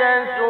严肃。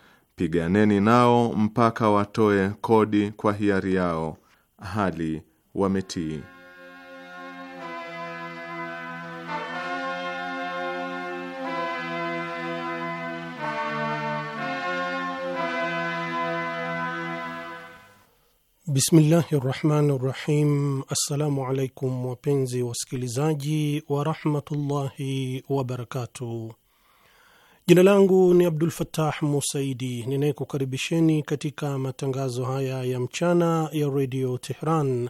piganeni nao mpaka watoe kodi kwa hiari yao hali wametii. Bismillahi rahmani rahim. Assalamu alaikum wapenzi wasikilizaji warahmatullahi wabarakatuh. Jina langu ni Abdul fatah Musaidi ninayekukaribisheni katika matangazo haya ya mchana ya redio Tehran,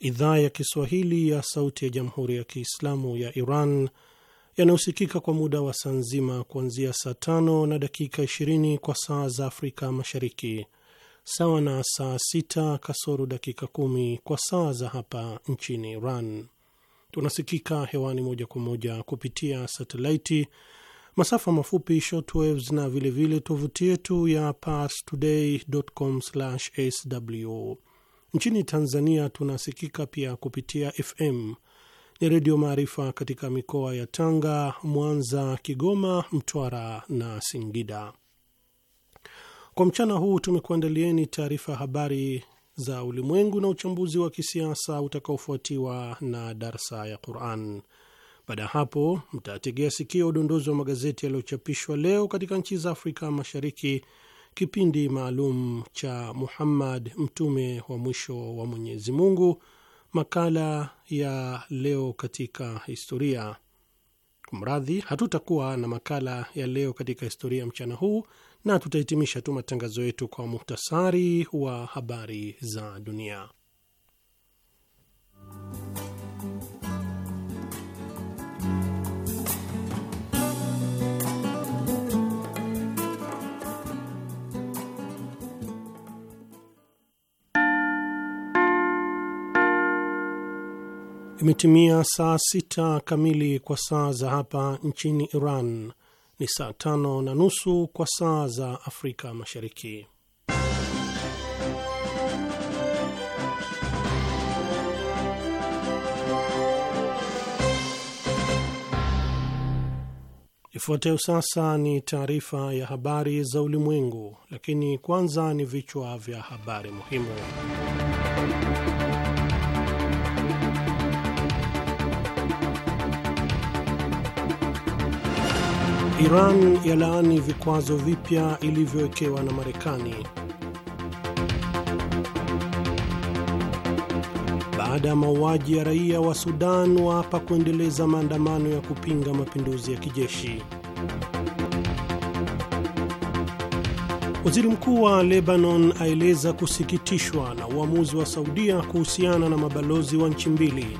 idhaa ya Kiswahili ya sauti ya jamhuri ya Kiislamu ya Iran, yanayosikika kwa muda wa saa nzima kuanzia saa tano na dakika 20 kwa saa za Afrika Mashariki, sawa na saa sita kasoro dakika kumi kwa saa za hapa nchini Iran. Tunasikika hewani moja kwa moja kupitia satelaiti masafa mafupi shortwaves na vilevile tovuti yetu ya parstoday.com/sw. Nchini Tanzania tunasikika pia kupitia FM ni Redio Maarifa katika mikoa ya Tanga, Mwanza, Kigoma, Mtwara na Singida. Kwa mchana huu tumekuandalieni taarifa habari za ulimwengu na uchambuzi wa kisiasa utakaofuatiwa na darsa ya Quran. Baada ya hapo, mtategea sikio udondozi wa magazeti yaliyochapishwa leo katika nchi za Afrika Mashariki, kipindi maalum cha Muhammad mtume wa mwisho wa Mwenyezi Mungu, makala ya leo katika historia. Kumradhi, hatutakuwa na makala ya leo katika historia mchana huu, na tutahitimisha tu matangazo yetu kwa muhtasari wa habari za dunia. Imetimia saa sita kamili kwa saa za hapa nchini Iran, ni saa tano na nusu kwa saa za Afrika Mashariki. Ifuatayo sasa ni taarifa ya habari za ulimwengu, lakini kwanza ni vichwa vya habari muhimu. Iran yalaani vikwazo vipya ilivyowekewa na Marekani. Baada ya mauaji ya raia wa Sudan waapa kuendeleza maandamano ya kupinga mapinduzi ya kijeshi. Waziri mkuu wa Lebanon aeleza kusikitishwa na uamuzi wa Saudia kuhusiana na mabalozi wa nchi mbili.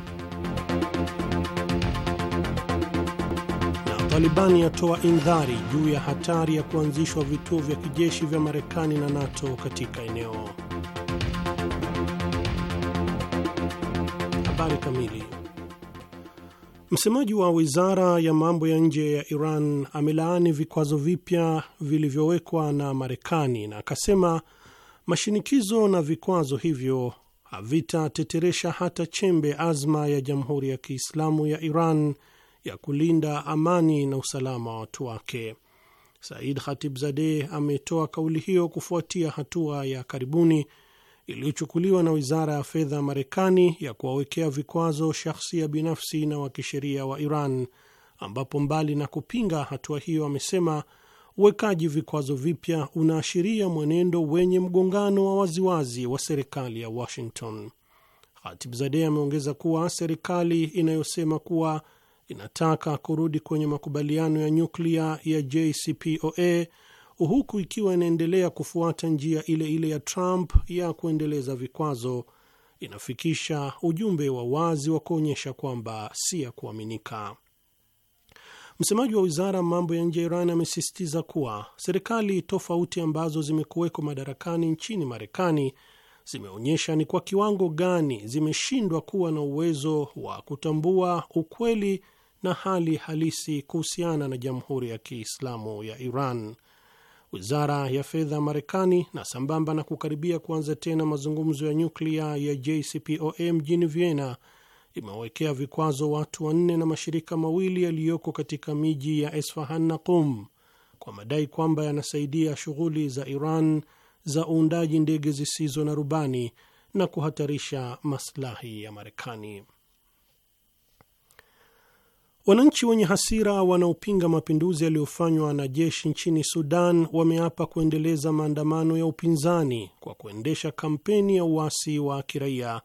Taliban yatoa indhari juu ya hatari ya kuanzishwa vituo vya kijeshi vya Marekani na NATO katika eneo. Habari kamili. Msemaji wa wizara ya mambo ya nje ya Iran amelaani vikwazo vipya vilivyowekwa na Marekani na akasema mashinikizo na vikwazo hivyo havitateteresha hata chembe azma ya Jamhuri ya Kiislamu ya Iran ya kulinda amani na usalama wa watu wake. Said Khatibzadeh ametoa kauli hiyo kufuatia hatua ya karibuni iliyochukuliwa na wizara ya fedha ya Marekani ya kuwawekea vikwazo shahsia binafsi na wa kisheria wa Iran, ambapo mbali na kupinga hatua hiyo amesema uwekaji vikwazo vipya unaashiria mwenendo wenye mgongano wa waziwazi wa serikali ya Washington. Hatibzadeh ameongeza kuwa serikali inayosema kuwa inataka kurudi kwenye makubaliano ya nyuklia ya JCPOA huku ikiwa inaendelea kufuata njia ile ile ya Trump ya kuendeleza vikwazo, inafikisha ujumbe wa wazi wa kuonyesha kwamba si ya kuaminika. Msemaji wa wizara ya mambo ya nje ya Iran amesisitiza kuwa serikali tofauti ambazo zimekuweko madarakani nchini Marekani zimeonyesha ni kwa kiwango gani zimeshindwa kuwa na uwezo wa kutambua ukweli na hali halisi kuhusiana na Jamhuri ya Kiislamu ya Iran. Wizara ya fedha ya Marekani na sambamba na kukaribia kuanza tena mazungumzo ya nyuklia ya JCPOA mjini Vienna imewekea vikwazo watu wanne na mashirika mawili yaliyoko katika miji ya Esfahan na Qum kwa madai kwamba yanasaidia shughuli za Iran za uundaji ndege zisizo na rubani na kuhatarisha maslahi ya Marekani. Wananchi wenye hasira wanaopinga mapinduzi yaliyofanywa na jeshi nchini Sudan wameapa kuendeleza maandamano ya upinzani kwa kuendesha kampeni ya uasi wa kiraia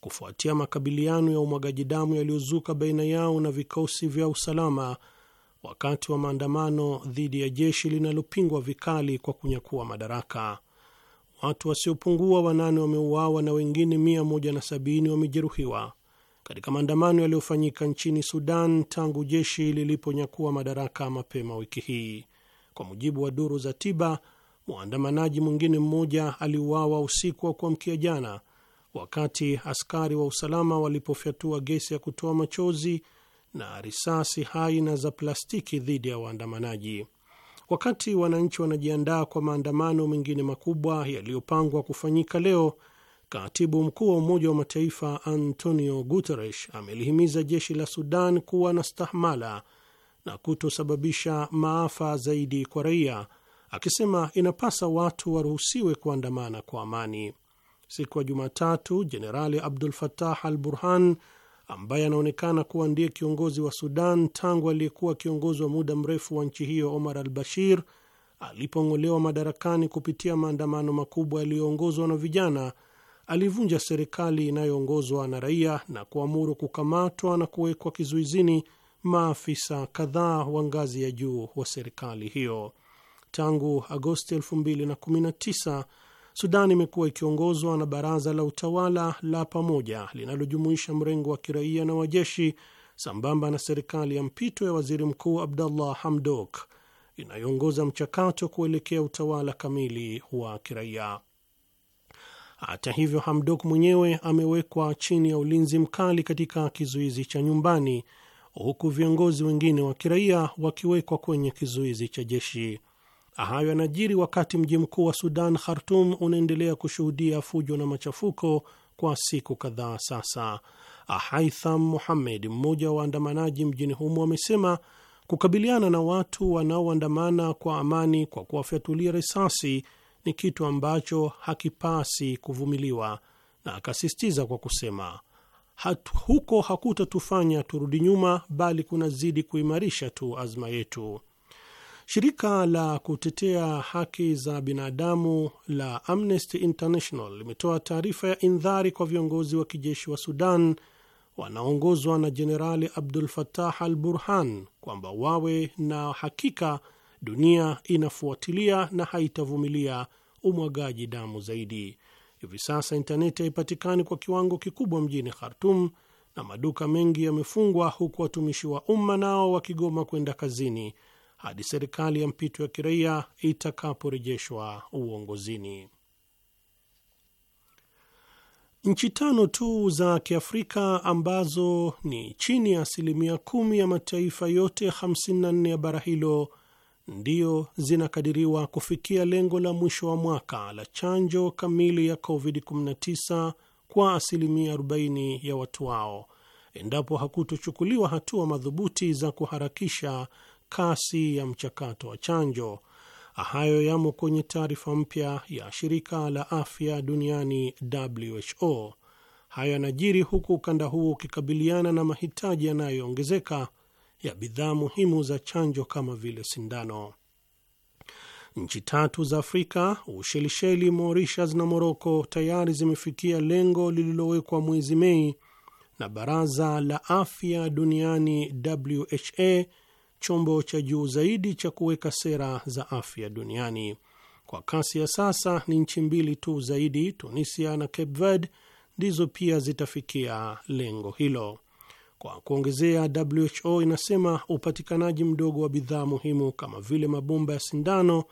kufuatia makabiliano ya umwagaji damu yaliyozuka baina yao na vikosi vya usalama wakati wa maandamano dhidi ya jeshi linalopingwa vikali kwa kunyakua madaraka watu wasiopungua wanane wameuawa na wengine 170 wamejeruhiwa katika maandamano yaliyofanyika nchini Sudan tangu jeshi liliponyakua madaraka mapema wiki hii. Kwa mujibu wa duru za tiba, mwandamanaji mwingine mmoja aliuawa usiku wa kuamkia jana wakati askari wa usalama walipofyatua gesi ya kutoa machozi na risasi hai na za plastiki dhidi ya waandamanaji. Wakati wananchi wanajiandaa kwa maandamano mengine makubwa yaliyopangwa kufanyika leo, katibu mkuu wa Umoja wa Mataifa Antonio Guterres amelihimiza jeshi la Sudan kuwa na stahmala na kutosababisha maafa zaidi kwa raia, akisema inapasa watu waruhusiwe kuandamana kwa amani. Siku ya Jumatatu, Jenerali Abdul fatah al Burhan ambaye anaonekana kuwa ndiye kiongozi wa Sudan tangu aliyekuwa kiongozi wa muda mrefu wa nchi hiyo Omar al Bashir alipong'olewa madarakani kupitia maandamano makubwa yaliyoongozwa na vijana, alivunja serikali inayoongozwa na raia na kuamuru kukamatwa na kuwekwa kizuizini maafisa kadhaa wa ngazi ya juu wa serikali hiyo. Tangu Agosti 2019 Sudan imekuwa ikiongozwa na baraza la utawala la pamoja linalojumuisha mrengo wa kiraia na wajeshi sambamba na serikali ya mpito ya waziri mkuu abdullah Hamdok inayoongoza mchakato kuelekea utawala kamili wa kiraia. Hata hivyo, Hamdok mwenyewe amewekwa chini ya ulinzi mkali katika kizuizi cha nyumbani, huku viongozi wengine wa kiraia wakiwekwa kwenye kizuizi cha jeshi. Hayo yanajiri wakati mji mkuu wa Sudan, Khartum, unaendelea kushuhudia fujo na machafuko kwa siku kadhaa sasa. Haitham Muhammed, mmoja wa waandamanaji mjini humo, amesema kukabiliana na watu wanaoandamana kwa amani kwa kuwafyatulia risasi ni kitu ambacho hakipasi kuvumiliwa, na akasisitiza kwa kusema hatu, huko hakutatufanya turudi nyuma, bali kunazidi kuimarisha tu azma yetu. Shirika la kutetea haki za binadamu la Amnesty International limetoa taarifa ya indhari kwa viongozi wa kijeshi wa Sudan wanaoongozwa na Jenerali Abdul fatah al Burhan kwamba wawe na hakika dunia inafuatilia na haitavumilia umwagaji damu zaidi. Hivi sasa intaneti haipatikani kwa kiwango kikubwa mjini Khartum na maduka mengi yamefungwa, huku watumishi wa umma nao wakigoma kwenda kazini hadi serikali ya mpito ya kiraia itakaporejeshwa uongozini. Nchi tano tu za Kiafrika ambazo ni chini ya asilimia kumi ya mataifa yote 54 ya bara hilo ndio zinakadiriwa kufikia lengo la mwisho wa mwaka la chanjo kamili ya COVID-19 kwa asilimia 40 ya watu wao, endapo hakutochukuliwa hatua madhubuti za kuharakisha kasi ya mchakato wa chanjo. Hayo yamo kwenye taarifa mpya ya shirika la afya duniani WHO. Hayo yanajiri huku ukanda huo ukikabiliana na mahitaji yanayoongezeka ya bidhaa muhimu za chanjo kama vile sindano. Nchi tatu za Afrika, Ushelisheli, Mauritius na Moroko, tayari zimefikia lengo lililowekwa mwezi Mei na Baraza la Afya Duniani, WHA, chombo cha juu zaidi cha kuweka sera za afya duniani. Kwa kasi ya sasa ni nchi mbili tu zaidi, Tunisia na Cape Verde, ndizo pia zitafikia lengo hilo. Kwa kuongezea, WHO inasema upatikanaji mdogo wa bidhaa muhimu kama vile mabomba ya sindano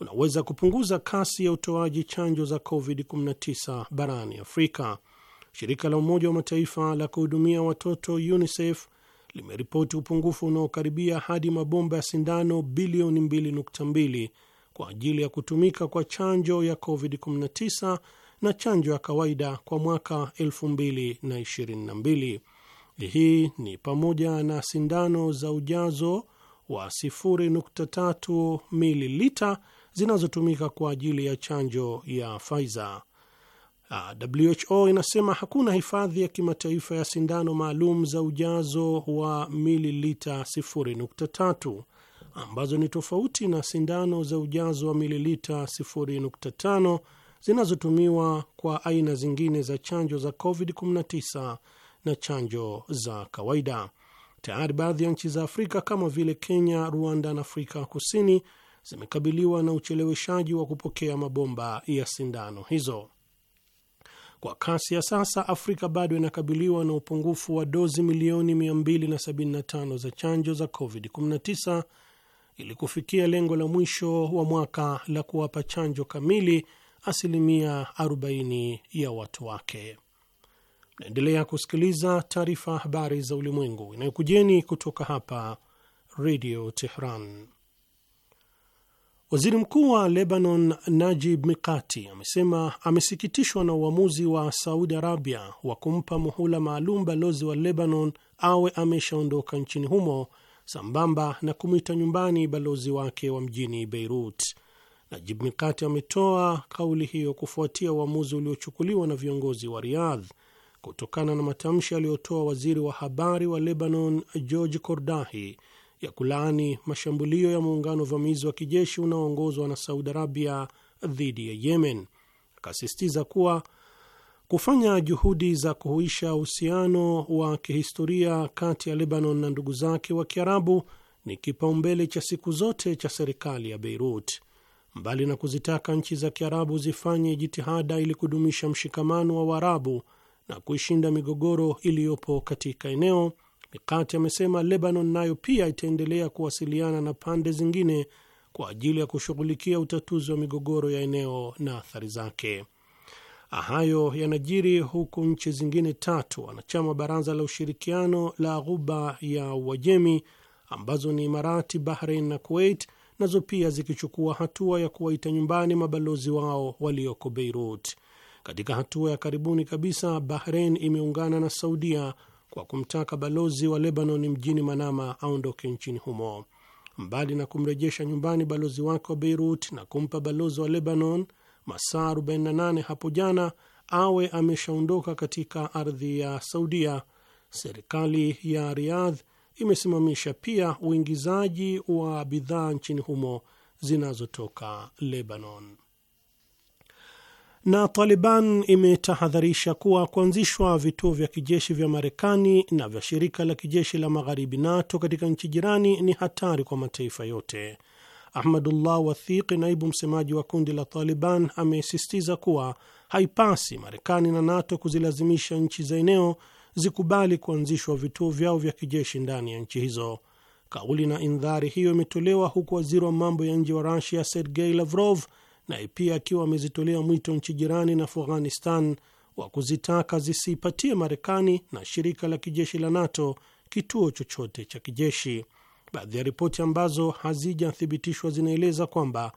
unaweza kupunguza kasi ya utoaji chanjo za COVID-19 barani Afrika. Shirika la Umoja wa Mataifa la kuhudumia watoto UNICEF limeripoti upungufu unaokaribia hadi mabomba ya sindano bilioni 2.2 kwa ajili ya kutumika kwa chanjo ya COVID-19 na chanjo ya kawaida kwa mwaka 2022. Hii ni pamoja na sindano za ujazo wa 0.3 mililita zinazotumika kwa ajili ya chanjo ya Pfizer. WHO inasema hakuna hifadhi ya kimataifa ya sindano maalum za ujazo wa mililita 0.3 ambazo ni tofauti na sindano za ujazo wa mililita 0.5 zinazotumiwa kwa aina zingine za chanjo za COVID-19 na chanjo za kawaida. Tayari baadhi ya nchi za Afrika kama vile Kenya, Rwanda na Afrika Kusini zimekabiliwa na ucheleweshaji wa kupokea mabomba ya sindano hizo. Kwa kasi ya sasa, Afrika bado inakabiliwa na upungufu wa dozi milioni 275 za chanjo za COVID-19 ili kufikia lengo la mwisho wa mwaka la kuwapa chanjo kamili asilimia 40 ya watu wake. Naendelea kusikiliza taarifa habari za ulimwengu inayokujeni kutoka hapa Radio Tehran. Waziri mkuu wa Lebanon Najib Mikati amesema amesikitishwa na uamuzi wa Saudi Arabia wa kumpa muhula maalum balozi wa Lebanon awe ameshaondoka nchini humo sambamba na kumwita nyumbani balozi wake wa mjini Beirut. Najib Mikati ametoa kauli hiyo kufuatia uamuzi uliochukuliwa na viongozi wa Riyadh kutokana na matamshi aliyotoa waziri wa habari wa Lebanon George Kordahi ya kulaani mashambulio ya muungano vamizi wa kijeshi unaoongozwa na Saudi Arabia dhidi ya Yemen. Akasisitiza kuwa kufanya juhudi za kuhuisha uhusiano wa kihistoria kati ya Lebanon na ndugu zake wa Kiarabu ni kipaumbele cha siku zote cha serikali ya Beirut. Mbali na kuzitaka nchi za Kiarabu zifanye jitihada ili kudumisha mshikamano wa Waarabu na kuishinda migogoro iliyopo katika eneo, Mikati amesema Lebanon nayo pia itaendelea kuwasiliana na pande zingine kwa ajili ya kushughulikia utatuzi wa migogoro ya eneo na athari zake. Hayo yanajiri huku nchi zingine tatu wanachama baraza la ushirikiano la Ghuba ya Uajemi ambazo ni Imarati, Bahrain na Kuwait nazo pia zikichukua hatua ya kuwaita nyumbani mabalozi wao walioko Beirut. Katika hatua ya karibuni kabisa, Bahrain imeungana na Saudia kwa kumtaka balozi wa Lebanon mjini Manama aondoke nchini humo. Mbali na kumrejesha nyumbani balozi wake wa Beirut na kumpa balozi wa Lebanon masaa 48 hapo jana awe ameshaondoka katika ardhi ya Saudia, serikali ya Riyadh imesimamisha pia uingizaji wa bidhaa nchini humo zinazotoka Lebanon na Taliban imetahadharisha kuwa kuanzishwa vituo vya kijeshi vya Marekani na vya shirika la kijeshi la magharibi NATO katika nchi jirani ni hatari kwa mataifa yote. Ahmadullah Wathiq, naibu msemaji wa kundi la Taliban, amesisitiza kuwa haipasi Marekani na NATO kuzilazimisha nchi za eneo zikubali kuanzishwa vituo vyao vya kijeshi ndani ya nchi hizo. Kauli na indhari hiyo imetolewa huku waziri wa mambo ya nje wa Rusia Sergei Lavrov naye pia akiwa amezitolea mwito nchi jirani na Afghanistan wa kuzitaka zisiipatie Marekani na shirika la kijeshi la NATO kituo chochote cha kijeshi. Baadhi ya ripoti ambazo hazijathibitishwa zinaeleza kwamba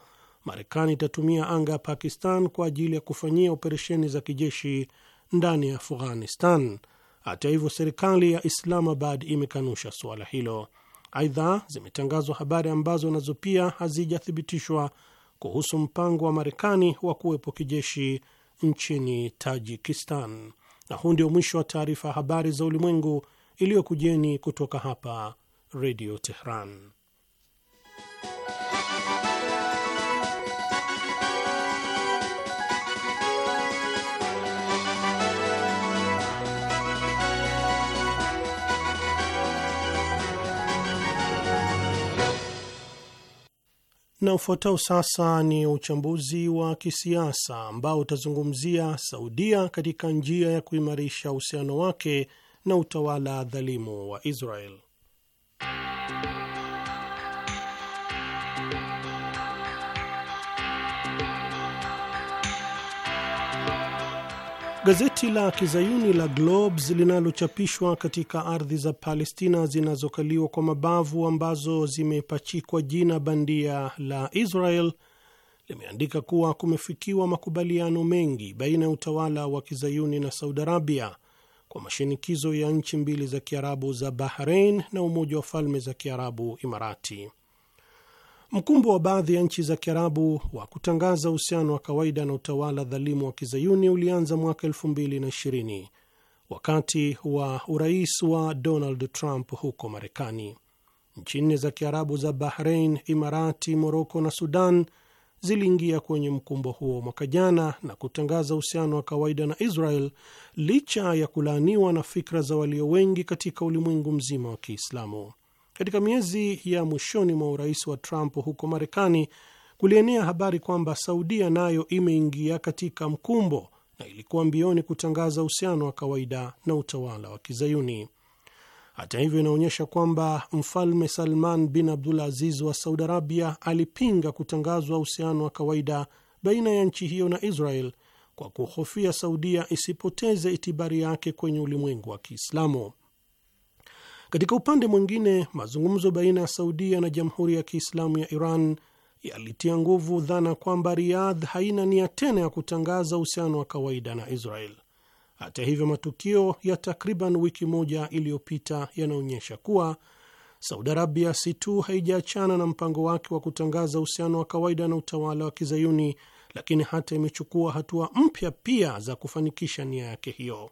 Marekani itatumia anga ya Pakistan kwa ajili ya kufanyia operesheni za kijeshi ndani ya Afghanistan. Hata hivyo, serikali ya Islamabad imekanusha suala hilo. Aidha, zimetangazwa habari ambazo nazo pia hazijathibitishwa kuhusu mpango wa Marekani wa kuwepo kijeshi nchini Tajikistan. Na huu ndio mwisho wa taarifa ya habari za ulimwengu iliyokujeni kutoka hapa Redio Tehran. Na ufuatao sasa ni uchambuzi wa kisiasa ambao utazungumzia Saudia katika njia ya kuimarisha uhusiano wake na utawala dhalimu wa Israel. Gazeti la kizayuni la Globes linalochapishwa katika ardhi za Palestina zinazokaliwa kwa mabavu ambazo zimepachikwa jina bandia la Israel limeandika kuwa kumefikiwa makubaliano mengi baina ya utawala wa kizayuni na Saudi Arabia kwa mashinikizo ya nchi mbili za Kiarabu za Bahrain na Umoja wa Falme za Kiarabu Imarati. Mkumbo wa baadhi ya nchi za Kiarabu wa kutangaza uhusiano wa kawaida na utawala dhalimu wa kizayuni ulianza mwaka 2020 wakati wa urais wa Donald Trump huko Marekani. Nchi nne za Kiarabu za Bahrain, Imarati, Moroko na Sudan ziliingia kwenye mkumbo huo mwaka jana na kutangaza uhusiano wa kawaida na Israel licha ya kulaaniwa na fikra za walio wengi katika ulimwengu mzima wa Kiislamu. Katika miezi ya mwishoni mwa urais wa Trump huko Marekani kulienea habari kwamba Saudia nayo imeingia katika mkumbo na ilikuwa mbioni kutangaza uhusiano wa kawaida na utawala wa Kizayuni. Hata hivyo, inaonyesha kwamba Mfalme Salman bin Abdul Aziz wa Saudi Arabia alipinga kutangazwa uhusiano wa kawaida baina ya nchi hiyo na Israel kwa kuhofia Saudia isipoteze itibari yake kwenye ulimwengu wa Kiislamu. Katika upande mwingine, mazungumzo baina ya Saudia na Jamhuri ya Kiislamu ya Iran yalitia nguvu dhana kwamba Riyadh haina nia tena ya kutangaza uhusiano wa kawaida na Israel. Hata hivyo, matukio ya takriban wiki moja iliyopita yanaonyesha kuwa Saudi Arabia si tu haijaachana na mpango wake wa kutangaza uhusiano wa kawaida na utawala wa Kizayuni, lakini hata imechukua hatua mpya pia za kufanikisha nia yake hiyo.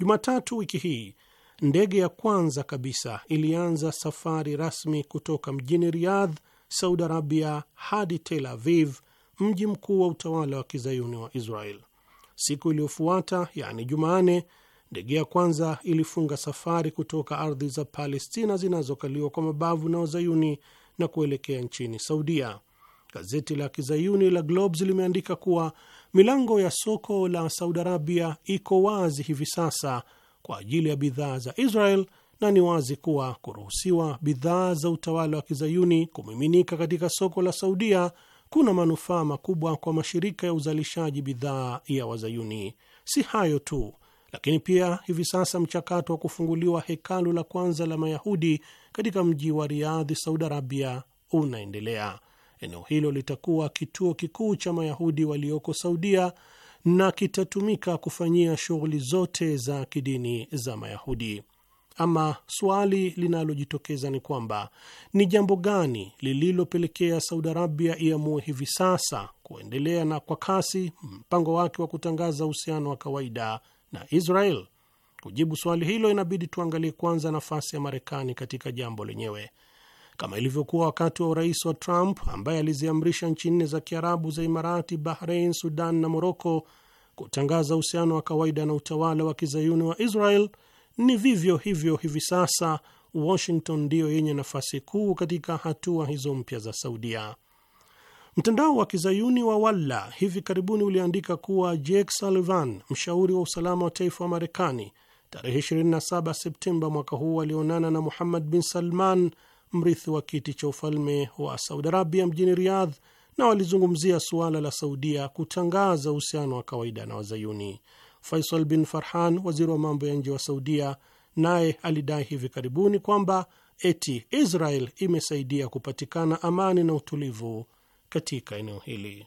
Jumatatu wiki hii ndege ya kwanza kabisa ilianza safari rasmi kutoka mjini Riyadh, Saudi Arabia hadi Tel Aviv, mji mkuu wa utawala wa kizayuni wa Israel. Siku iliyofuata, yaani Jumanne, ndege ya kwanza ilifunga safari kutoka ardhi za Palestina zinazokaliwa kwa mabavu na wazayuni na kuelekea nchini Saudia. Gazeti la kizayuni la Globes limeandika kuwa milango ya soko la Saudi Arabia iko wazi hivi sasa kwa ajili ya bidhaa za Israel, na ni wazi kuwa kuruhusiwa bidhaa za utawala wa kizayuni kumiminika katika soko la Saudia kuna manufaa makubwa kwa mashirika ya uzalishaji bidhaa ya Wazayuni. Si hayo tu, lakini pia hivi sasa mchakato wa kufunguliwa hekalu la kwanza la Mayahudi katika mji wa Riadhi, Saudi Arabia, unaendelea. Eneo hilo litakuwa kituo kikuu cha Mayahudi walioko Saudia na kitatumika kufanyia shughuli zote za kidini za Mayahudi. Ama swali linalojitokeza ni kwamba ni jambo gani lililopelekea Saudi Arabia iamue hivi sasa kuendelea na kwa kasi mpango wake wa kutangaza uhusiano wa kawaida na Israel? Kujibu swali hilo, inabidi tuangalie kwanza nafasi ya Marekani katika jambo lenyewe kama ilivyokuwa wakati wa urais wa Trump ambaye aliziamrisha nchi nne za Kiarabu za Imarati, bahrein Sudan na Moroko kutangaza uhusiano wa kawaida na utawala wa kizayuni wa Israel. Ni vivyo hivyo hivi sasa Washington ndiyo yenye nafasi kuu katika hatua hizo mpya za Saudia. Mtandao wa kizayuni wa Walla hivi karibuni uliandika kuwa Jake Sullivan, mshauri wa usalama wa taifa wa Marekani, tarehe 27 Septemba mwaka huu alionana na Muhammad bin Salman, mrithi wa kiti cha ufalme wa Saudi Arabia mjini Riyadh, na walizungumzia suala la Saudia kutangaza uhusiano wa kawaida na Wazayuni. Faisal bin Farhan, waziri wa mambo ya nje wa Saudia, naye alidai hivi karibuni kwamba eti Israel imesaidia kupatikana amani na utulivu katika eneo hili.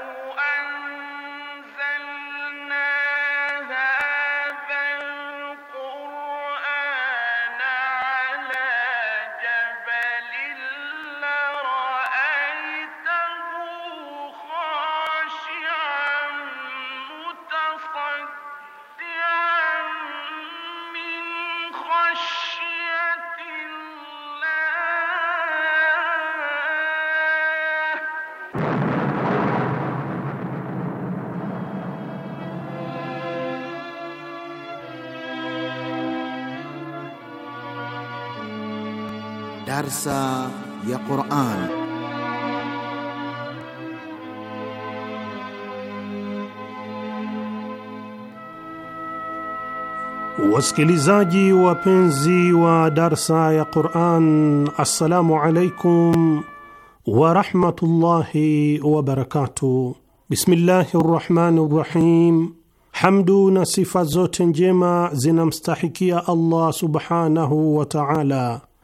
Darsa ya Quran. Wasikilizaji wapenzi wa darsa ya Quran, assalamu alaikum wa rahmatullahi wa barakatuh. Bismillahi rrahmani rrahim. Hamdu na sifa zote njema zinamstahikia Allah subhanahu wa taala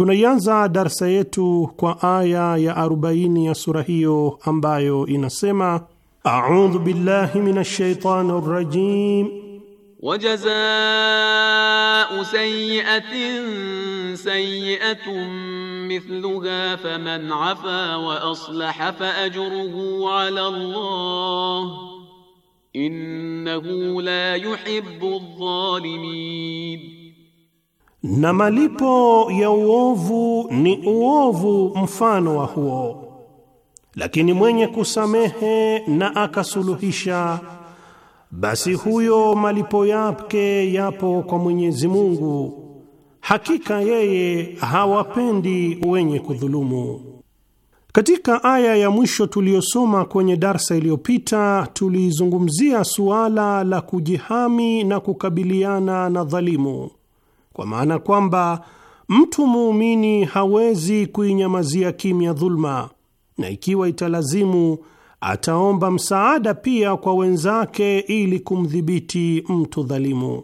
Tunaianza darsa yetu kwa aya ya 40 ya sura hiyo ambayo inasema: audhu billahi minash shaitani rrajim wajazau sayiatin sayiatun mithluha faman afa wa aslaha faajruhu ala Allah innahu la yuhibbu adh-dhalimin na malipo ya uovu ni uovu mfano wa huo. Lakini mwenye kusamehe na akasuluhisha, basi huyo malipo yake yapo kwa Mwenyezi Mungu, hakika yeye hawapendi wenye kudhulumu. Katika aya ya mwisho tuliyosoma kwenye darsa iliyopita, tulizungumzia suala la kujihami na kukabiliana na dhalimu kwa maana kwamba mtu muumini hawezi kuinyamazia kimya dhulma, na ikiwa italazimu ataomba msaada pia kwa wenzake ili kumdhibiti mtu dhalimu.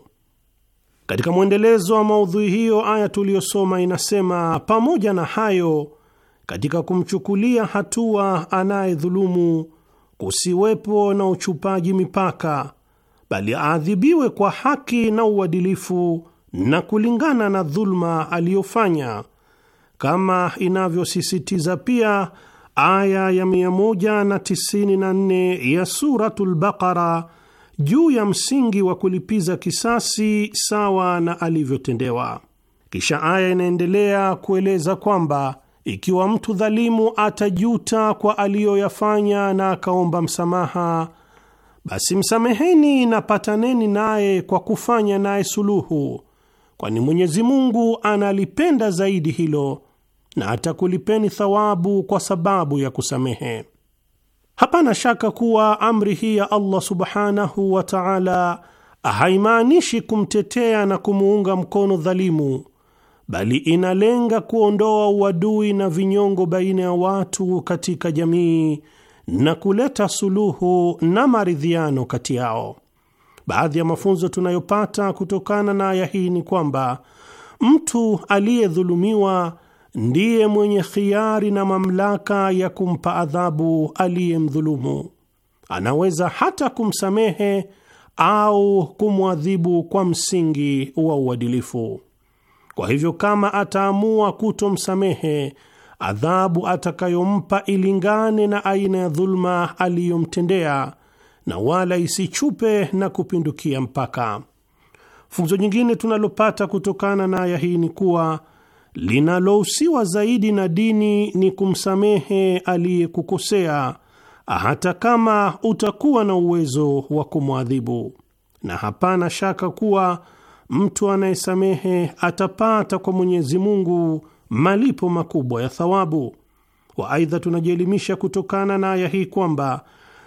Katika mwendelezo wa maudhui hiyo, aya tuliyosoma inasema, pamoja na hayo, katika kumchukulia hatua anayedhulumu kusiwepo na uchupaji mipaka, bali aadhibiwe kwa haki na uadilifu na kulingana na dhulma aliyofanya, kama inavyosisitiza pia aya ya 194 ya Suratul Baqara juu ya msingi wa kulipiza kisasi sawa na alivyotendewa. Kisha aya inaendelea kueleza kwamba ikiwa mtu dhalimu atajuta kwa aliyoyafanya na akaomba msamaha, basi msameheni na pataneni naye kwa kufanya naye suluhu kwani Mwenyezi Mungu analipenda zaidi hilo na atakulipeni thawabu kwa sababu ya kusamehe. Hapana shaka kuwa amri hii ya Allah subhanahu wa ta'ala haimaanishi kumtetea na kumuunga mkono dhalimu, bali inalenga kuondoa uadui na vinyongo baina ya watu katika jamii na kuleta suluhu na maridhiano kati yao. Baadhi ya mafunzo tunayopata kutokana na aya hii ni kwamba mtu aliyedhulumiwa ndiye mwenye khiari na mamlaka ya kumpa adhabu aliyemdhulumu. Anaweza hata kumsamehe au kumwadhibu kwa msingi wa uadilifu. Kwa hivyo, kama ataamua kutomsamehe, adhabu atakayompa ilingane na aina ya dhuluma aliyomtendea na wala isichupe na kupindukia mpaka. Funzo nyingine tunalopata kutokana na aya hii ni kuwa linalohusiwa zaidi na dini ni kumsamehe aliyekukosea hata kama utakuwa na uwezo wa kumwadhibu, na hapana shaka kuwa mtu anayesamehe atapata kwa Mwenyezi Mungu malipo makubwa ya thawabu. Waaidha, tunajielimisha kutokana na aya hii kwamba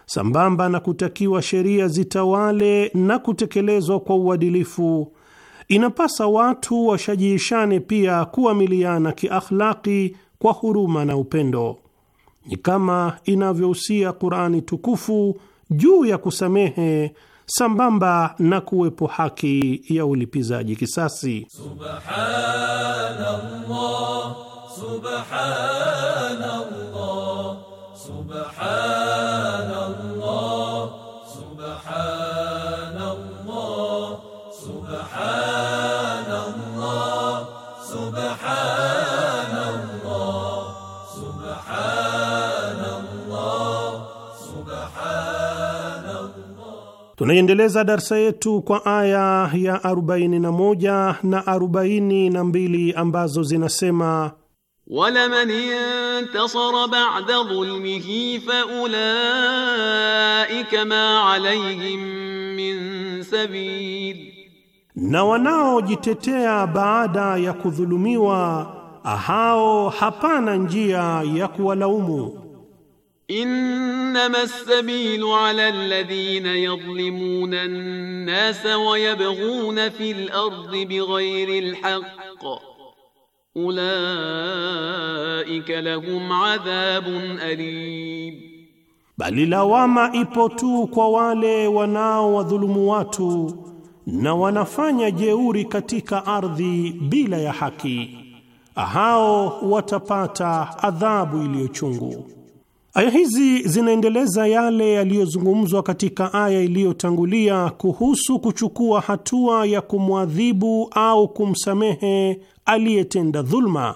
sambamba na kutakiwa sheria zitawale na kutekelezwa kwa uadilifu, inapasa watu washajiishane pia kuamiliana kiakhlaki kwa huruma na upendo, ni kama inavyohusia Qurani tukufu juu ya kusamehe sambamba na kuwepo haki ya ulipizaji kisasi. Subhanallah, subhanallah. Tunaiendeleza darsa yetu kwa aya ya 41 na 42 ambazo zinasema ولمن انتصر بعد ظلمه فأولئك ما عليهم من سبيل na wanaojitetea baada ya kudhulumiwa ah, hao hapana njia ya kuwalaumu إنما السبيل على الذين يظلمون الناس ويبغون في الأرض بغير الحق ulaika lahum adhabun alim, bali lawama ipo tu kwa wale wanaowadhulumu watu na wanafanya jeuri katika ardhi bila ya haki, hao watapata adhabu iliyochungu. Aya hizi zinaendeleza yale yaliyozungumzwa katika aya iliyotangulia kuhusu kuchukua hatua ya kumwadhibu au kumsamehe aliyetenda dhuluma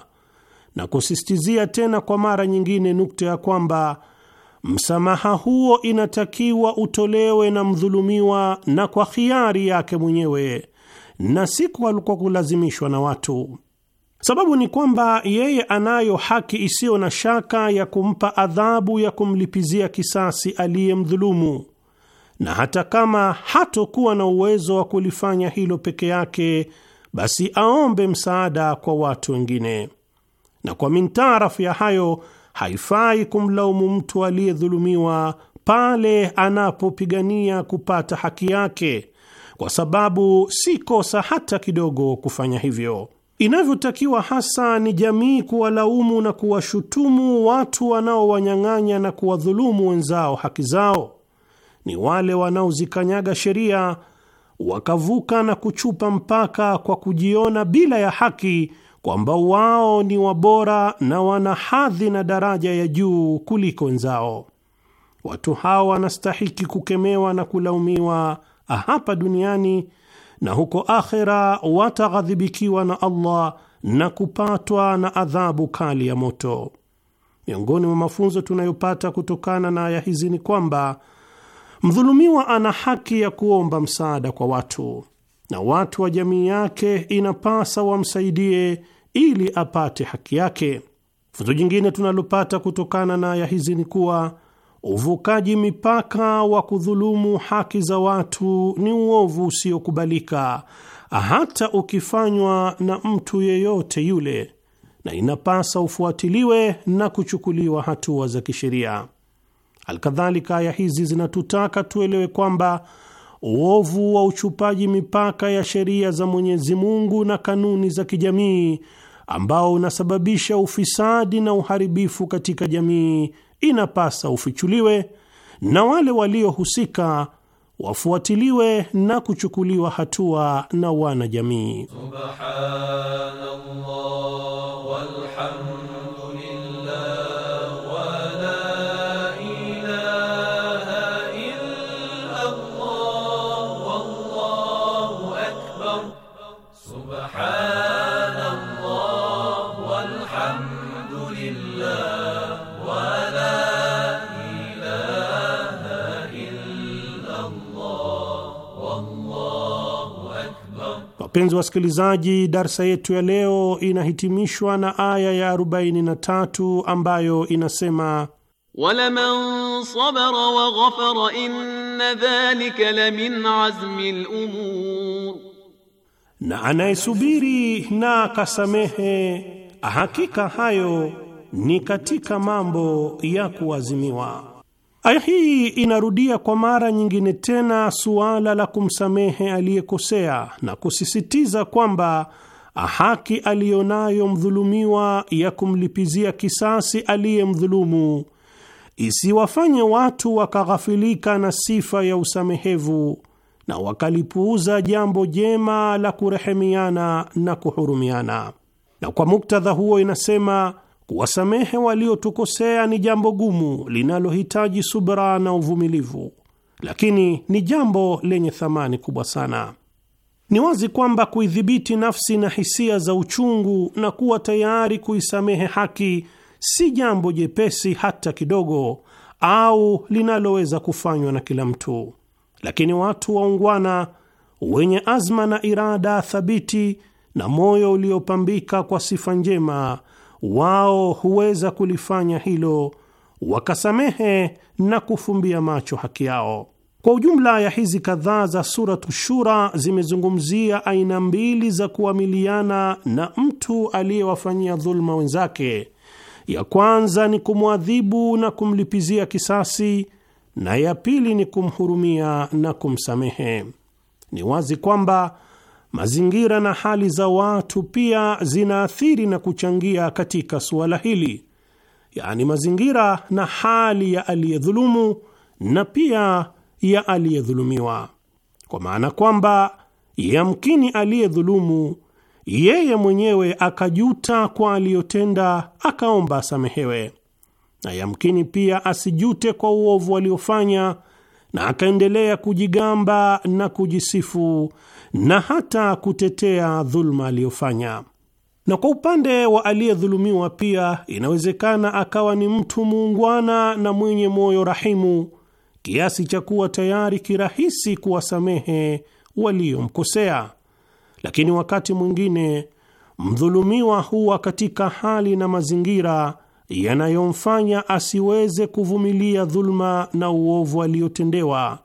na kusisitizia tena kwa mara nyingine nukta ya kwamba msamaha huo inatakiwa utolewe na mdhulumiwa na kwa khiari yake mwenyewe na si kwa kulazimishwa na watu. Sababu ni kwamba yeye anayo haki isiyo na shaka ya kumpa adhabu ya kumlipizia kisasi aliyemdhulumu, na hata kama hatokuwa na uwezo wa kulifanya hilo peke yake basi aombe msaada kwa watu wengine, na kwa mintaarafu ya hayo haifai kumlaumu mtu aliyedhulumiwa pale anapopigania kupata haki yake, kwa sababu si kosa hata kidogo kufanya hivyo. Inavyotakiwa hasa ni jamii kuwalaumu na kuwashutumu watu wanaowanyang'anya na kuwadhulumu wenzao haki zao, ni wale wanaozikanyaga sheria wakavuka na kuchupa mpaka kwa kujiona bila ya haki kwamba wao ni wabora na wana hadhi na daraja ya juu kuliko wenzao. Watu hawa wanastahiki kukemewa na kulaumiwa hapa duniani na huko akhera wataghadhibikiwa na Allah na kupatwa na adhabu kali ya moto. Miongoni mwa mafunzo tunayopata kutokana na aya hizi ni kwamba Mdhulumiwa ana haki ya kuomba msaada kwa watu, na watu wa jamii yake inapasa wamsaidie ili apate haki yake. Funzo jingine tunalopata kutokana na aya hizi ni kuwa uvukaji mipaka wa kudhulumu haki za watu ni uovu usiokubalika, hata ukifanywa na mtu yeyote yule, na inapasa ufuatiliwe na kuchukuliwa hatua za kisheria. Alkadhalika, aya hizi zinatutaka tuelewe kwamba uovu wa uchupaji mipaka ya sheria za Mwenyezi Mungu na kanuni za kijamii ambao unasababisha ufisadi na uharibifu katika jamii inapasa ufichuliwe na wale waliohusika wafuatiliwe na kuchukuliwa hatua na wanajamii. Subhanallah walhamdulillah Wapenzi wasikilizaji, darsa yetu ya leo inahitimishwa na aya ya 43 ambayo inasema walaman sabara wa ghafara inna dhalika lamin azmi al-umur, na anayesubiri na akasamehe, hakika hayo ni katika mambo ya kuazimiwa. Aya hii inarudia kwa mara nyingine tena suala la kumsamehe aliyekosea na kusisitiza kwamba haki aliyonayo mdhulumiwa ya kumlipizia kisasi aliyemdhulumu isiwafanye watu wakaghafilika na sifa ya usamehevu na wakalipuuza jambo jema la kurehemiana na kuhurumiana. Na kwa muktadha huo inasema Kuwasamehe waliotukosea ni jambo gumu linalohitaji subra na uvumilivu, lakini ni jambo lenye thamani kubwa sana. Ni wazi kwamba kuidhibiti nafsi na hisia za uchungu na kuwa tayari kuisamehe haki si jambo jepesi hata kidogo, au linaloweza kufanywa na kila mtu, lakini watu waungwana wenye azma na irada thabiti na moyo uliopambika kwa sifa njema wao huweza kulifanya hilo wakasamehe na kufumbia macho haki yao. Kwa ujumla, ya hizi kadhaa za Suratu Shura zimezungumzia aina mbili za kuamiliana na mtu aliyewafanyia dhuluma wenzake. Ya kwanza ni kumwadhibu na kumlipizia kisasi, na ya pili ni kumhurumia na kumsamehe. Ni wazi kwamba mazingira na hali za watu pia zinaathiri na kuchangia katika suala hili, yaani mazingira na hali ya aliyedhulumu na pia ya aliyedhulumiwa, kwa maana kwamba yamkini aliyedhulumu yeye mwenyewe akajuta kwa aliyotenda, akaomba asamehewe, na yamkini pia asijute kwa uovu aliofanya, na akaendelea kujigamba na kujisifu na hata kutetea dhuluma aliyofanya. Na kwa upande wa aliyedhulumiwa pia, inawezekana akawa ni mtu muungwana na mwenye moyo rahimu kiasi cha kuwa tayari kirahisi kuwasamehe waliomkosea, lakini wakati mwingine mdhulumiwa huwa katika hali na mazingira yanayomfanya asiweze kuvumilia dhuluma na uovu aliyotendewa,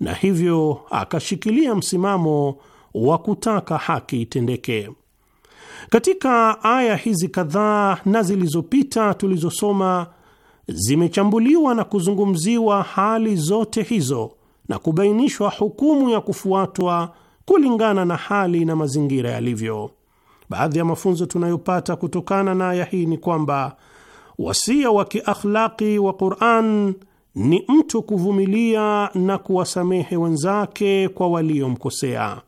na hivyo akashikilia msimamo wa kutaka haki itendeke. Katika aya hizi kadhaa na zilizopita tulizosoma, zimechambuliwa na kuzungumziwa hali zote hizo na kubainishwa hukumu ya kufuatwa kulingana na hali na mazingira yalivyo. Baadhi ya mafunzo tunayopata kutokana na aya hii ni kwamba wasia wa kiakhlaki wa Qur'an ni mtu kuvumilia na kuwasamehe wenzake kwa waliomkosea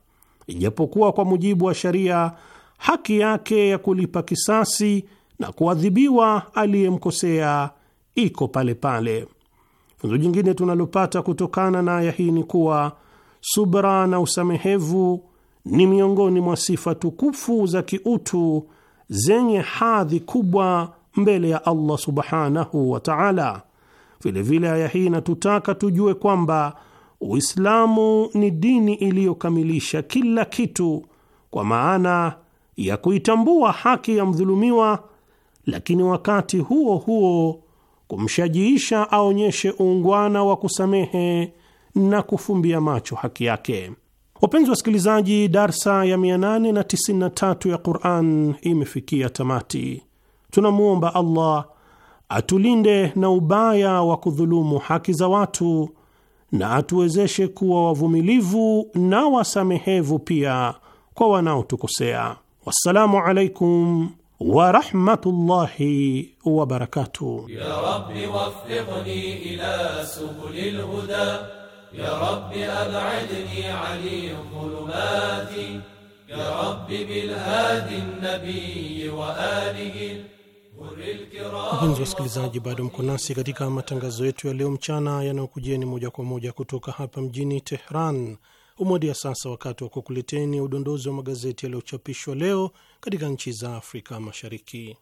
ijapokuwa kwa mujibu wa sheria haki yake ya kulipa kisasi na kuadhibiwa aliyemkosea iko pale pale. Funzo jingine tunalopata kutokana na aya hii ni kuwa subra na usamehevu ni miongoni mwa sifa tukufu za kiutu zenye hadhi kubwa mbele ya Allah subhanahu wa taala. Vilevile aya hii inatutaka tujue kwamba Uislamu ni dini iliyokamilisha kila kitu kwa maana ya kuitambua haki ya mdhulumiwa, lakini wakati huo huo kumshajiisha aonyeshe uungwana wa kusamehe na kufumbia macho haki yake. Wapenzi wasikilizaji, darsa ya 893 ya Quran imefikia tamati. Tunamwomba Allah atulinde na ubaya wa kudhulumu haki za watu na atuwezeshe kuwa wavumilivu na wasamehevu pia kwa wanaotukosea. Wassalamu alaikum wa rahmatullahi Ya Rabbi Wapenzi wasikilizaji, bado mko nasi katika matangazo yetu ya leo mchana yanayokujieni moja kwa moja kutoka hapa mjini Tehran. ya sasa wakati wa kukuleteni udondozi wa magazeti yaliyochapishwa leo katika nchi za Afrika Mashariki.